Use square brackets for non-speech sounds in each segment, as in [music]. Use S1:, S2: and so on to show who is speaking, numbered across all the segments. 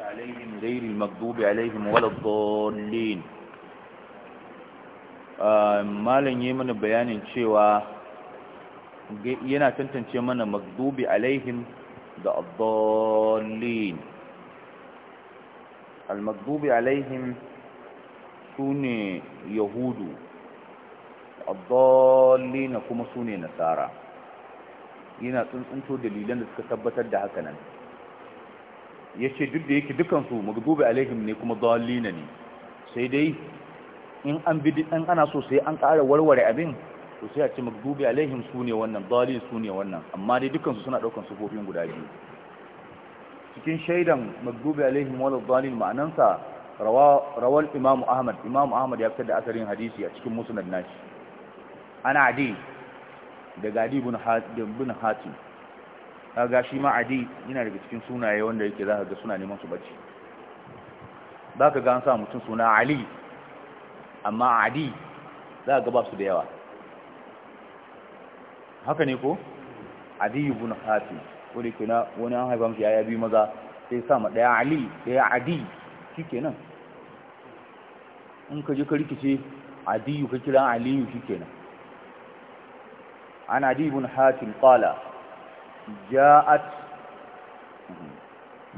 S1: عليهم غير المغضوب عليهم ولا الضالين malam yi mana bayanin cewa yana tantance mana magdubi alaihim da addallin al-magdubi alaihim sune yahudu addallin kuma sune nasara yana tsuntsunto dalilan da suka tabbatar da nan. ya ce duk da yake dukansu magdubi alaihim ne kuma dalina ne sai dai in an bi ɗan ana so sai an ƙara warware abin to sai a ce magdubi alaihim su ne wannan dalil su ne wannan amma dai dukansu suna ɗaukan sufofin guda biyu cikin shaidan magdubi alaihim wal dalil ma'anansa rawal imamu ahmad imamu ahmad ya fitar da asarin hadisi a cikin musnad nashi ana adi daga adi bin hatim ga shi ma adi yana daga cikin sunaye wanda yake za ka ga suna neman su bacci za ka ga an sa mutum suna ali amma adi za ka ga ba su da yawa haka ne ko adi ibn hatim wani kuna wani an haifa mishi yaya biyu maza sai sa ma daya ali daya adi shikenan in ka je ka rikice adiyu ka kira aliyu shikenan an adi ibn hatim kala ja'at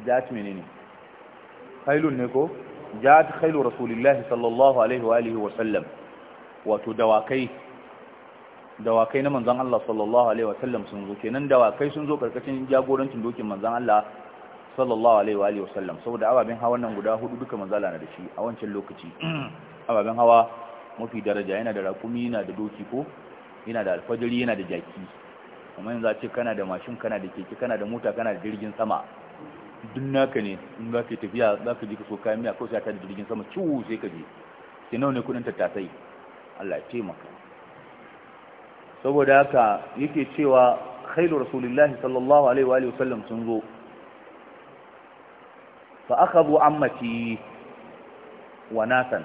S1: ja'at menene khailun ne ko ja'at khailu rasulillahi sallallahu alaihi wa alihi wa sallam wato dawakai dawakai na manzon Allah sallallahu alaihi wa sallam sun zo kenan dawakai sun zo karkashin jagorancin dokin manzon Allah sallallahu alaihi wa alihi wa sallam saboda ababen hawa nan guda hudu duka manzala na da shi a wancan lokaci ababen hawa mafi daraja yana da rakumi yana da doki ko yana da alfajiri yana da jaki kamar yanzu a ce kana da mashin kana da keke kana da mota kana da jirgin sama duk naka ne in za ka tafiya za ka ji ka so kayan miya kawai sai ta da jirgin sama ciwo sai ka je sai nawa ne kudin tattasai Allah ya taimaka saboda haka yake cewa khairu rasulullahi sallallahu alaihi wa alihi wasallam sun zo fa akhadhu ammati wa nasan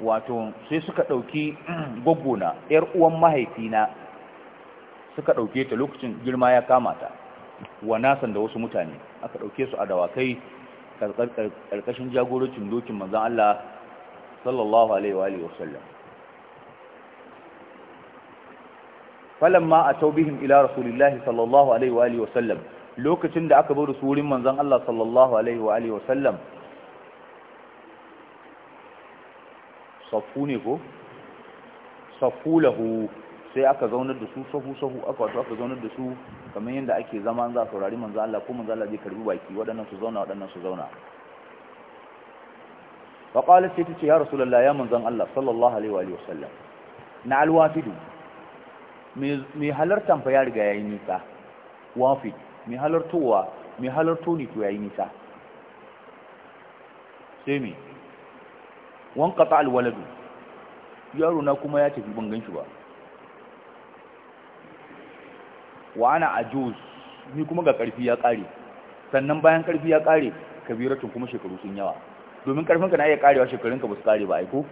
S1: wato sai suka dauki [clears throat] gogona yar uwan mahaifina suka ɗauke ta lokacin girma ya kama ta wa nasan da wasu mutane aka ɗauke su a dawakai ƙarƙashin jagorocin dokin manzan Allah sallallahu alaihi wa sallam falamma a taubihin ila rasulillahi sallallahu alaihi wa sallam lokacin da aka bar su wurin manzan Allah sallallahu alaihi wa sallam saffu ne ko saffu lahu sai aka zaunar da su sahu sahu aka wato aka zaunar da su kamar yadda ake zama za a saurari manzo Allah ko manzo Allah zai karbi baki waɗannan su zauna waɗannan su zauna wa qala sai tace ya rasulullahi ya manzon Allah sallallahu alaihi wa alihi wasallam na alwafidu mai halartan fa ya riga yayi nisa wafid Me halartowa mai halarto ne to yayi nisa sai me qata alwaladu yaro na kuma ya tafi ban ganshi ba wa ana ajuz ni kuma ga karfi ya kare sannan bayan karfi ya kare kabiratun kuma shekaru sun yawa domin karfinka na iya karewa shekarunka ba su kare ba aiko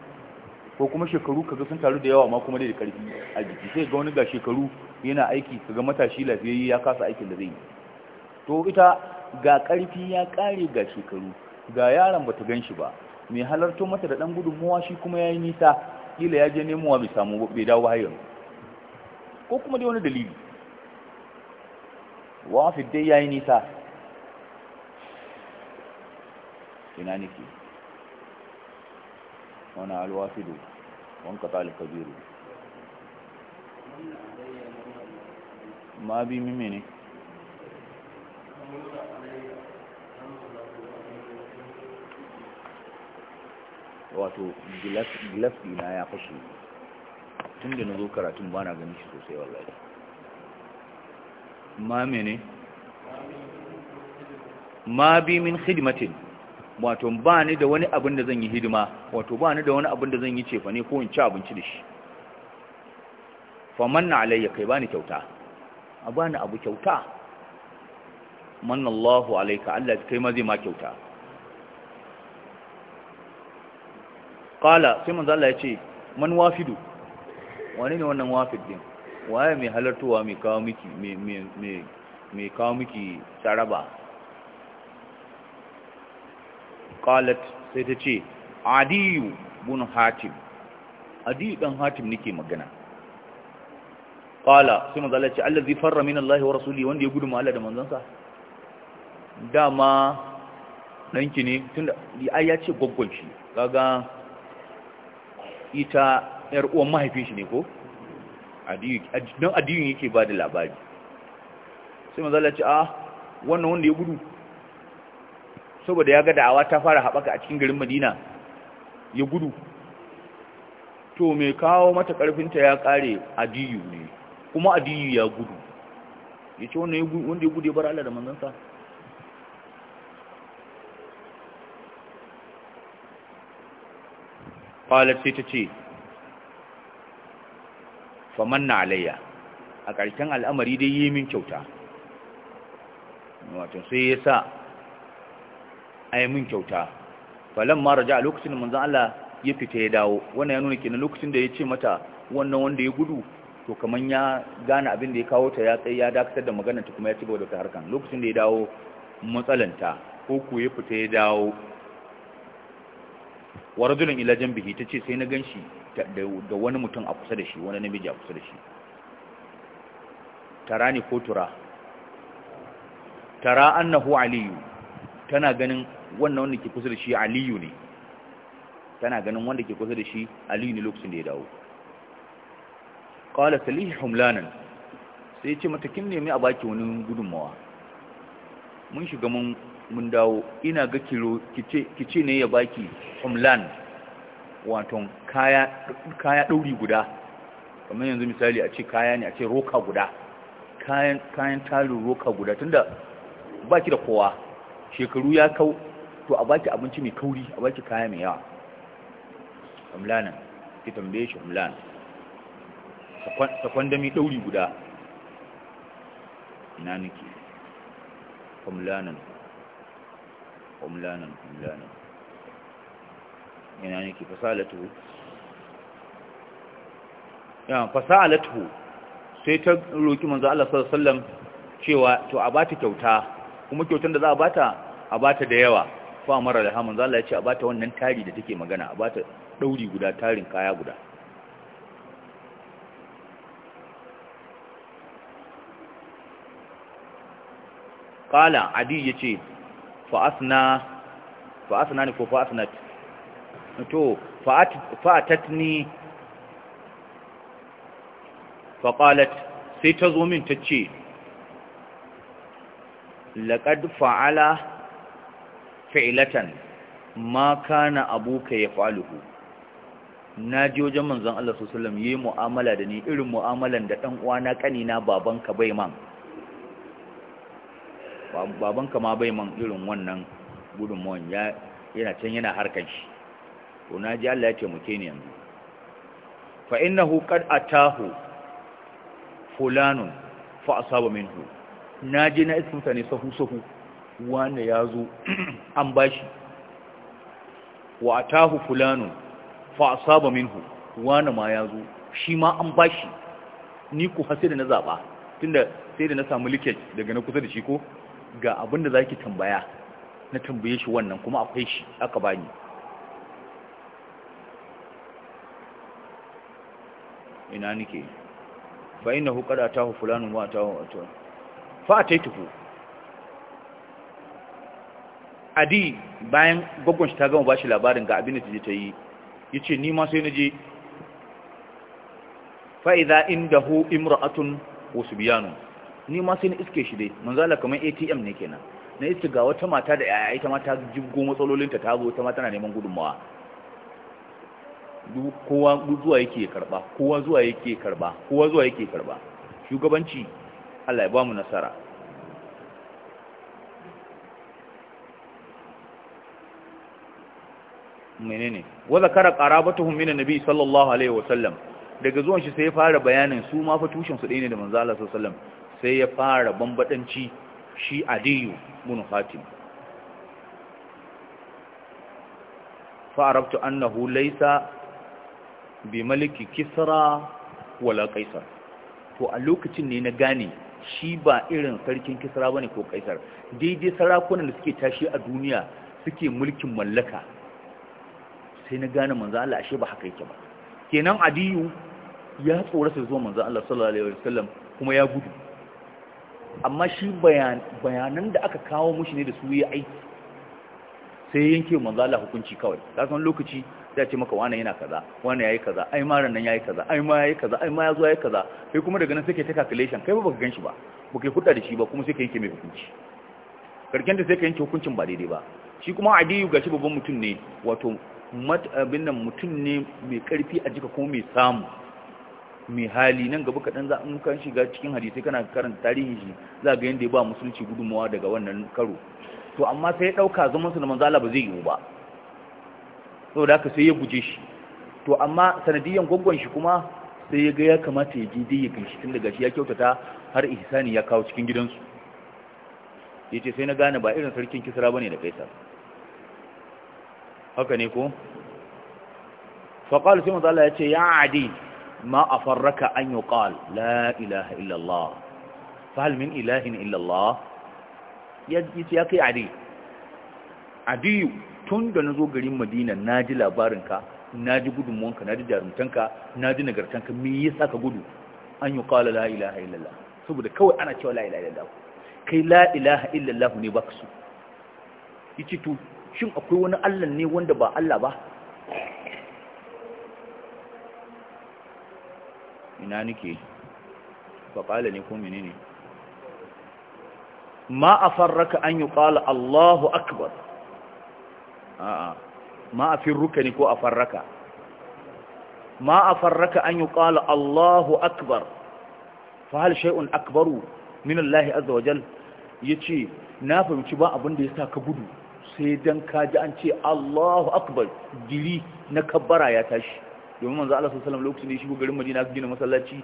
S1: ko kuma shekaru kaga sun taru da yawa ma kuma dai da karfi a jiki sai ga wani ga shekaru yana aiki ga matashi lafiyayi ya kasa aikin da zai yi to ita ga karfi ya kare ga shekaru ga yaron bata gan shi ba mai halarto mata da dan gudunmuwa shi kuma ya yi nisa kila ya je nemowa bai samu bai dawo hayan ko kuma dai wani dalili wafid dai yi nisa ina Wani wana alwafidu wanka talib kabiru ma bi mime ne wato gilas na ya kashe. tun da na zo karatun ba na ganin shi sosai wallahi ma mene ma bi min khidmatin wato ba ni da wani abin da zan yi hidima wato ba ni da wani abin da zan yi cefa ne ko in ci abinci da shi faman na alayya kai ba ni kyauta a bani abu kyauta manna Allahu alayka Allah kai ma zai ma kyauta qala sai manzo Allah ya ce man wafidu wani ne wannan wafid din waye mai halartowa mai kawo miki mai kawo miki saraba kalat sai ta ce adiyu bin hatim adiyu dan hatim nake magana kala sai manzo Allah ce allazi farra min Allah wa rasuli wanda ya gudu ma'ala Allah da manzansa dama ɗanki ne tunda ai ya ce goggon shi kaga ita yar uwan mahaifin shi ne ko don adiyun yake ba da labari sai mazala ce a ah, wannan wanda ya gudu saboda ya ga da'awa ta fara haɓaka a cikin garin madina ya gudu to mai kawo mata ƙarfinta ya ƙare adiyu ne kuma adiyu ya gudu ya ce wanda ya gudu ya bar Allah da manzansa ƙwalar sai ta ce na alayya a ƙarshen al'amari dai yi min kyauta wato sai ya sa a min kyauta falon mara ja a lokacin manzan Allah ya fita ya dawo wannan ya nuna kenan lokacin da ya ce mata wannan wanda ya gudu to kamar ya gane abin da ya kawo ta ya tsaye ya dakatar da magana ta kuma ya ci gaba da ta harkar. lokacin da ya dawo matsalanta ko ku ya fita ya dawo wa rajulun ila ta ce sai na ganshi da wani mutum a kusa da shi wani namiji a kusa da shi tara ne ko tura tara annahu aliyu tana ganin wannan wanda ke kusa da shi aliyu ne tana ganin wanda ke kusa da shi aliyu ne lokacin da ya dawo qala salihi humlanan sai ce matakin nemi a baki wani gudunmawa mun shiga mun dawo ina ga kilo kice ne ya baki humlan waton kaya ɗauri guda kamar yanzu misali a ce kaya ne a ce roka guda kayan talo roka guda tunda ba ki da kowa shekaru ya kau to a baki abinci mai kauri a baki kaya mai yawa hamlanan ki tambaye shi hamlan sakwandami ɗauri guda ina nake hamlanan hamlanan hamlanan Yana ne ke fasalatu yawan fasalatu sai ta roƙi manzo Allah sallallahu alaihi wasallam cewa to a bata kyauta kuma kyautar da za a bata a bata da yawa fa amara da manzo Allah ya ce a bata wannan tari da take magana a bata dauri guda tarin kaya guda qala adi yace fa asna fa asna ne ko fa asnat to fa faƙalat sai ta zo min tace ce fa'ala fa'ilatan ma kana abuka ya faluhu na ji wajen manzon Allah sosalam yi mu'amala da ni irin mu'amalan da ɗan ƙanina babanka bai man babanka ma bai man irin wannan gudunmawan yana can yana harkar shi to na ji Allah ya muke ne yanzu fa innahu qad atahu fulanun fa asaba minhu na ji na iska mutane sahu sahu wanda ya zo [clears throat] an bashi wa atahu fulanun fa asaba minhu wanda ma ya zo shi ma an bashi ni ku hasi da na zaba tunda sai da na samu liket daga na kusa da shi ko ga abinda zaki tambaya na tambaye shi wannan kuma akwai shi aka bani ina nike fa inna hu qad atahu fulanun wa atahu ta fa ataituhu adi bayan gogon shi ta gama bashi labarin ga abin da taje ta yi yace ni ma sai naje fa idza indahu imra'atun wa subyanun ni ma sai na iske shi dai manzala kamar ATM ne kenan na iske ga wata mata da yaya ita ma ta jibgo matsalolinta ta zo ta ma tana neman gudunmawa kowa zuwa yake karba kowa zuwa yake karba kowa zuwa yake karba shugabanci Allah ya ba mu nasara menene wa zakara qarabatuhum min an-nabi sallallahu alaihi wa sallam? daga zuwan shi sai ya fara bayanin su ma fa tushen su dai ne da manzo Allah sallallahu alaihi sallam sai ya fara bambadanci shi adiyu bin fatim fa arabtu annahu laysa bi maliki kisra wala kaisar to a lokacin ne na gane shi ba irin sarkin kisra bane ko kaisar daidai sarakunan da suke tashi a duniya suke mulkin mallaka sai na gane manzo Allah ashe ba haka yake ba kenan adiyu ya tsora sai zuwa manzo Allah sallallahu alaihi wasallam kuma ya gudu amma shi bayanan da aka kawo mushi ne da su ya aiki sai yanke manzo Allah hukunci kawai kasan lokaci sai ce maka wani yana kaza wani yayi kaza ai ma ran nan yayi kaza ai ma yayi kaza ai ma ya yayi kaza sai kuma daga nan sai kai ta calculation kai ba baka ganshi ba kai hudda da shi ba kuma sai kai yake mai hukunci karken da sai kai yanke hukuncin ba daidai ba shi kuma adiyu gashi babban mutum ne wato abin nan mutum ne mai karfi a jika kuma mai samu mai hali nan gaba kaɗan za in kan shiga cikin hadisai kana karanta tarihin shi za ga yadda ya ba musulunci gudunmawa daga wannan karo to amma sai ya ɗauka zaman su na manzala ba zai yiwu ba saboda haka sai ya guje shi to amma sanadiyan gwaggon shi kuma sai ya ga ya kamata ya je dai ya ganshi tun daga shi ya kyautata har ihsani ya kawo cikin gidansu ya ce sai na gane ba irin sarkin kisra bane da kaisar haka ne ko faƙal sai mazala ya ce ya adi ma a farraka an yi ƙal la ilaha illallah fahal min ilahin illallah ya ce ya kai adi adiyu tun da na zo garin madina na ji labarinka na ji gudunmuwanka na ji jarumtanka na ji nagartanka me yi sa ka gudu an yi kala la ilaha illallah saboda kawai ana cewa la ilaha illallah kai la ilaha illallah ne baka so yace to shin akwai wani Allah ne wanda ba Allah ba ina nike? ba kala ne ko menene ma farraka an yi kawo Allahu akbar a'a ma a firruka ne ko a farraka ma a farraka an yi ƙala Allahu akbar fa shaiun akbaru min Allah azza wa jal yace na fahimci ba abin da ya sa ka gudu sai dan ka ji an ce Allahu akbar giri na kabbara ya tashi domin manzo Allah sallallahu alaihi wasallam lokacin da ya shigo garin Madina gina masallaci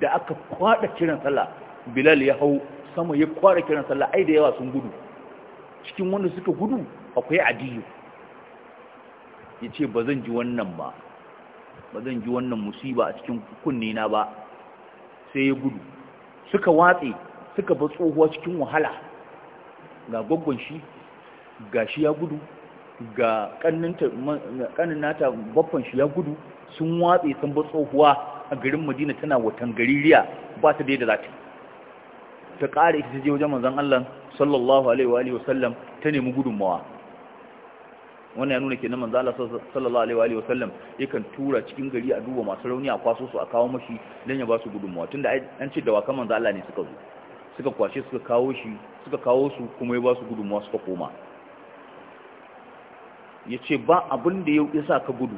S1: da aka kwada kiran sallah Bilal ya hau sama ya kwada kiran sallah ai da yawa sun gudu cikin wanda suka gudu akwai adiyu ya ce ba zan ji wannan ba ba zan ji wannan musiba a cikin kunne na ba sai ya gudu suka watse suka ba tsohuwa cikin wahala ga gwaggon shi ga shi ya gudu ga kanin nata babban shi ya gudu sun watse sun ba tsohuwa a garin madina tana watan gaririya ba ta daidai za ta ta ƙara ita ta je wajen manzan Allah sallallahu alaihi wa sallam ta nemi gudunmawa wannan ya nuna kenan manzo Allah sallallahu alaihi wa sallam yakan tura cikin gari a duba masu rauni a kwaso su a kawo mashi don ya ba su gudunmawa tunda an ce da dawakan manzo Allah ne suka zo suka kwashe suka kawo shi suka kawo su kuma ya ba su gudunmawa suka koma Ya ce ba abin da ya sa ka gudu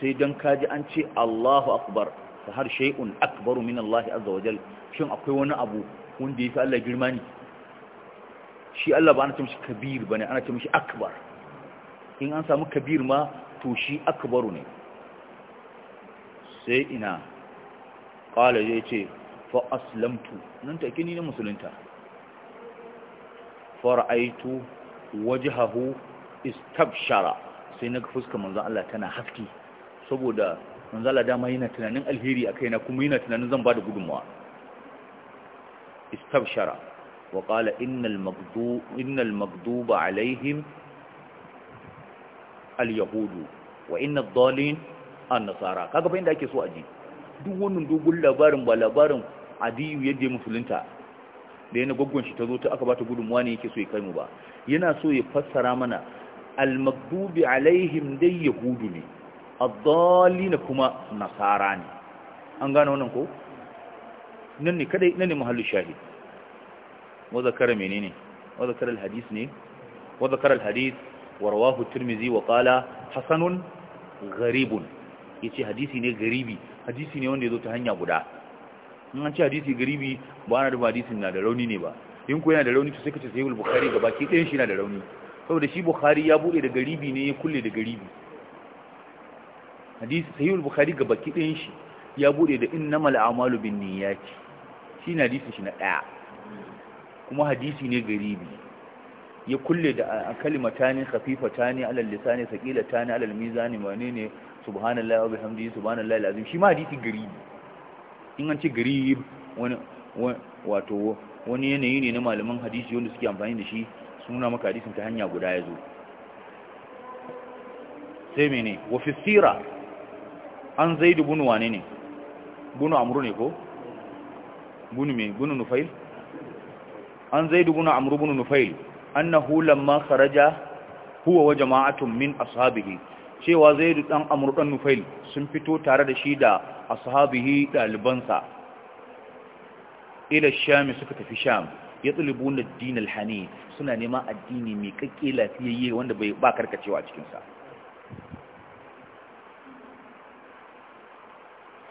S1: sai don kaji an ce Allahu akbar fa har shay'un akbaru min Allah azza wa jal shin akwai wani abu wanda ya fi Allah girma ne shi Allah ba ana ce mishi kabir bane ana ce mishi akbar in an samu kabir ma to shi akbaru ne sai ina ƙwala ya ce fa aslamtu nan take ni na musulunta fara'aitu wajhahu istabshara sai na fuska manzon Allah tana haske saboda manzon Allah dama yana tunanin alheri akai na kuma yana tunanin zan bada gudunmawa istabshara wa qala innal maghduba innal maghduba alaihim al-yahudu wa inna ad-dallin an-nasara kaga fa inda ake so aji duk wannan dogon labarin ba labarin adiyu yadda musulunta da yana goggon shi ta zo ta aka bata gudunmuwa ne yake so ya kai mu ba yana so ya fassara mana al-maghdubi alaihim dai yahudu ne ad-dallin kuma nasara ne an gane wannan ko nan ne kadai nan ne mahallu shahid wa zakara menene wa zakara al-hadith ne wa zakara al-hadith ورواه الترمذي wa حسن hasanun gharibun yace hadisi ne حديثي hadisi ne wanda تا ta غدا guda in an غريبي hadisi انا ba حديثي da hadisin na da rauni ne ba in ko yana da rauni to sai kace دين bukhari gabaki ɗayan shi na da rauni saboda shi bukhari ya bude da garibi ne ya kulle da garibi hadisi sahihul bukhari gabaki ɗayan shi ya bude da innamal a'malu binniyati shi na hadisi shi na daya kuma hadisi ne garibi ya kulle da a ta ne alal lisani ne alal mizani manene subhanallahi wa bihamdihi subhanallahi alazim shi ma hadisi gari in an ce gari wani wato wani yanayi ne na malaman hadisi wanda suke amfani da shi suna maka hadisin ta hanya guda ya zo sai mene wa fi an zaidu bunu wane ne bunu amru ne ko bunu me bunu nufail an zaidu bunu amru bunu nufail annahu lamma kharaja huwa wa jama'atun min ashabihi cewa zaidu dan amr dan nufail sun fito tare da shi da ashabihi dalibansa ila sham suka tafi sham yatlubuna ad-din al-hanif suna neman addini mai kakke lafiyayye wanda bai ba karkacewa a cikin sa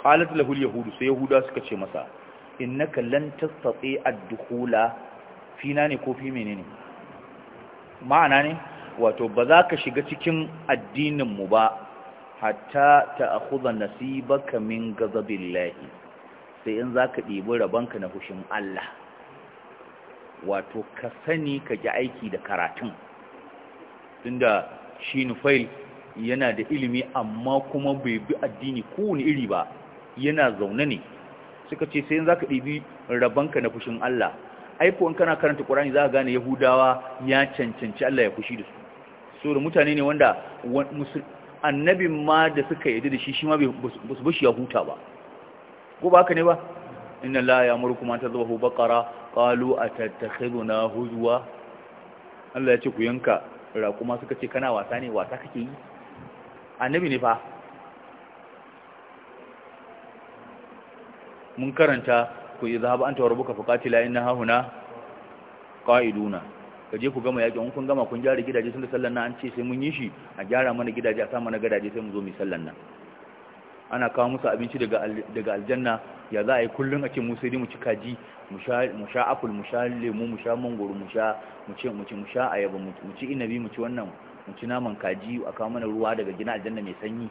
S1: qalat lahu al-yahud sai yahuda suka ce masa innaka lan tastati ad-dukhula fina ne ko fi menene ma'ana ne wato ba za ka shiga cikin addininmu ba hatta ta akuza nasibaka min gazabillahi sai in za ka ɗibi ka na hushin Allah wato ka sani ka ji aiki da karatun tunda shi nufail yana da ilimi amma kuma bai bi addini kowane iri ba yana zaune ne suka ce sai in za ka ɗibi rabonka na fushin Allah aiko in kana karanta Qur'ani za ka gane Yahudawa ya cancanci Allah ya fushi da su so da mutane ne wanda annabi ma da suka yi da shi shi ma ba su bashi ya huta ba ko ba haka ne ba inna la ya'murukum an tadhbahu baqara qalu atattakhiduna huzwa Allah ya ce ku yanka raƙuma suka ce kana wasa ne wasa kake yi annabi ne fa mun karanta ku yi an zahab anta warbuka na inna hahuna qa'iduna kaje ku gama yakin kun gama kun gyara gidaje sun da sallan nan an ce sai mun yi shi a gyara mana gidaje a sa mana gadaje sai mu zo mu sallan nan ana kawo musu abinci daga aljanna ya za a yi kullum a ce mu sai mu ci kaji mu sha mu mu sha lemu mu sha mangoro mu sha mu ce mu sha ayaba mu ci inabi mu ci wannan mu ci naman kaji a kawo mana ruwa daga gina aljanna mai sanyi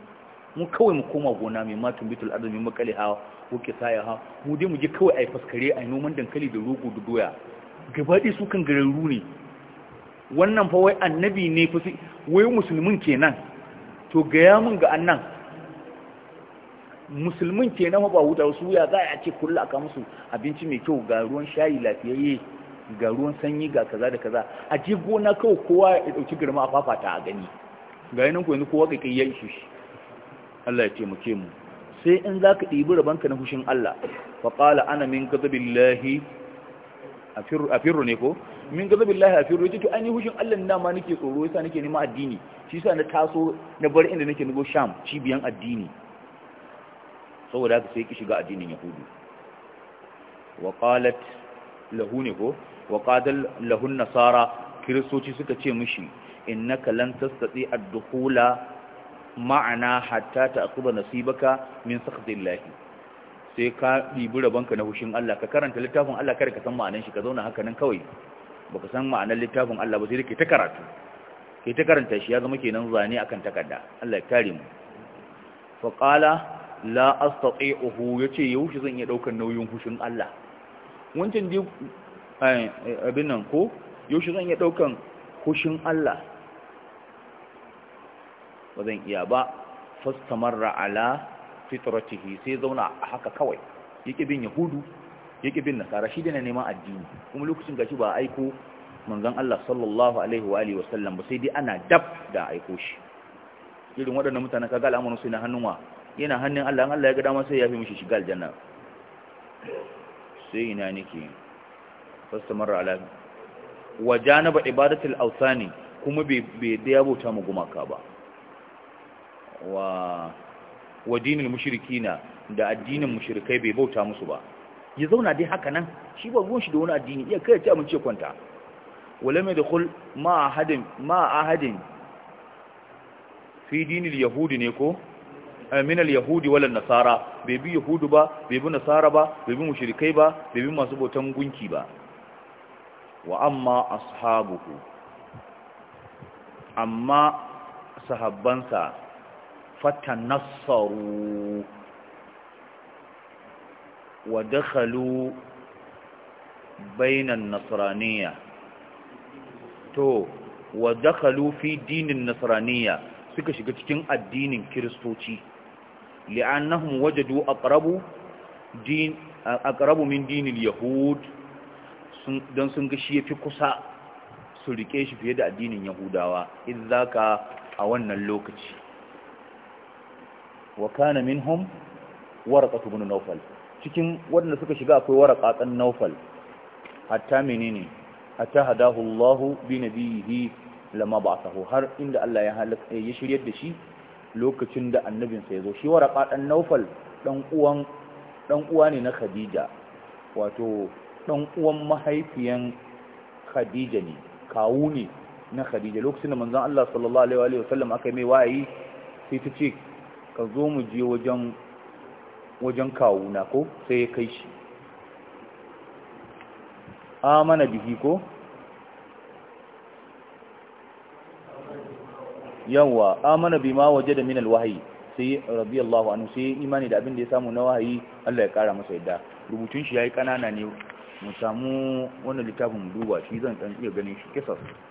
S1: mu kawai mu koma gona mai matun bitul arzu makali makale hawa wuke saya ha mu dai mu je kawai a yi faskare a yi noman dankali da rogo da doya gabaɗe su kan gararru ne wannan fa wai annabi ne fa wai musulmin kenan to gaya mun ga annan musulmin kenan ba wuta su ya za a ce kullu aka musu abinci mai kyau ga ruwan shayi lafiyayye ga ruwan sanyi ga kaza da kaza a je gona kawai kowa ya dauki girma a fafata a gani ga yanan ko yanzu kowa kai ya ishe shi Allah ya taimake mu sai in za ka ɗibi rabanka na hushin Allah fa ƙala ana min gazabin lahi a firro ne ko min gazabin lahi a firro ya ce an yi hushin Allah na ma nake tsoro yasa nake nema addini shi sa na taso na bar inda nake nugo sham cibiyan addini saboda haka sai ki shiga addinin yahudu wa qalat lahu ne ko wa qadal lahu nasara kiristoci suka ce mishi innaka lan tastati ad-dukhula ma'ana hatta ta akuba nasibaka min sakhdillahi sai ka ɗibi rabanka na hushin Allah ka karanta littafin Allah kare ka san ma'anan shi ka zauna haka nan kawai baka san ma'anar littafin Allah ba sai dai ke ta karatu ke ta karanta shi ya zama kenan zane akan takarda Allah ya kare mu fa qala la astati'uhu yace yaushe zan iya daukar nauyin hushin Allah wancan dai eh, abin nan ko yaushe zan iya daukar hushin Allah ba zan iya ba fastamarra ala fitratihi sai zauna a haka kawai yake bin yahudu yake bin nasara shi dana neman addini kuma lokacin gashi ba aiko manzon Allah sallallahu alaihi wa alihi wasallam ba sai dai ana dab da aiko shi irin waɗannan mutanen kaga al'amuran su yana hannun wa yana hannun Allah in Allah ya ga dama sai ya fi mishi shiga aljanna sai ina nake fastamarra ala wajanaba ibadatul awsani kuma bai da yabota mu gumaka ba wa wa dinin mushrikina da addinin mushrikai bai bauta musu ba ya zauna dai haka nan shi ba ruwan shi da wani addini iya kai ci a kwanta wala mai dakhul ma ahadin ma ahadin fi dinil yahudi ne ko eh, min al-yahudi wala nasara bai bi yahudu ba bai bi nasara ba bai bi mushrikai ba bai bi masu bautan gunki ba wa amma ashabuhu amma sahabbansa fatanassaru wa dakhalu bainan nasraniya to wa dakhalu fi dinin nasraniya suka shiga cikin addinin kiristoci li'annahum wajadu aqrabu din aqrabu min dinil yahud don sun ga shi yafi kusa su rike shi fiye da addinin yahudawa idzaka a wannan lokaci wa kana minhum warqatu ibn nawfal cikin waɗanda suka shiga akwai warqa dan nawfal hatta menene hatta hadahu Allah bi nabihi lama ba'athahu har inda Allah ya halaka eh, ya shiryar da shi lokacin da annabinsa ya zo shi warqa dan nawfal dan uwan dan uwa ne na Khadija wato dan uwan mahaifiyan Khadija ne kawu ne na Khadija lokacin da manzon Allah sallallahu alaihi wa sallam aka yi mai wayi sai ta ce ka zo mu je wajen wajen kawuna ko sai ya kai shi amana bihi ko yawa amana ma waje da minal wahayi sai Allah anhu sai imani da abin da ya samu na wahayi Allah ya kara masa yadda rubutun shi ya yi kanana ne mu samu wannan littafin duba shi zan dan iya ganin shi